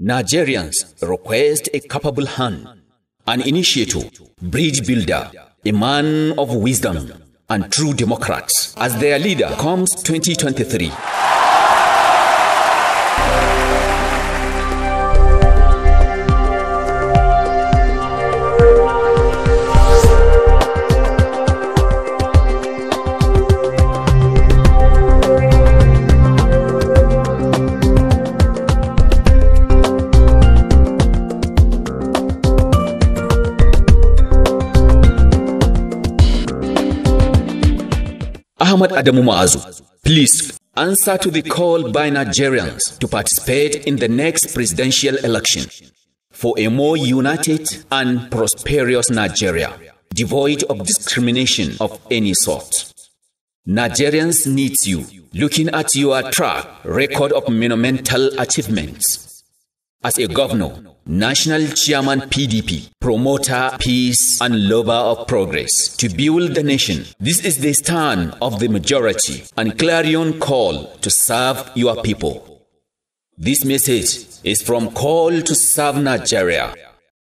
Nigerians request a capable hand, an initiator, bridge builder, a man of wisdom, and true democrats as their leader comes 2023. Ahmad Adamu Maazu, please answer to the call by Nigerians to participate in the next presidential election for a more united and prosperous Nigeria, devoid of discrimination of any sort. Nigerians need you, looking at your track record of monumental achievements as a governor, national chairman PDP, promoter peace and lover of progress to build the nation. This is the stand of the majority and clarion call to serve your people. This message is from Call to Serve Nigeria.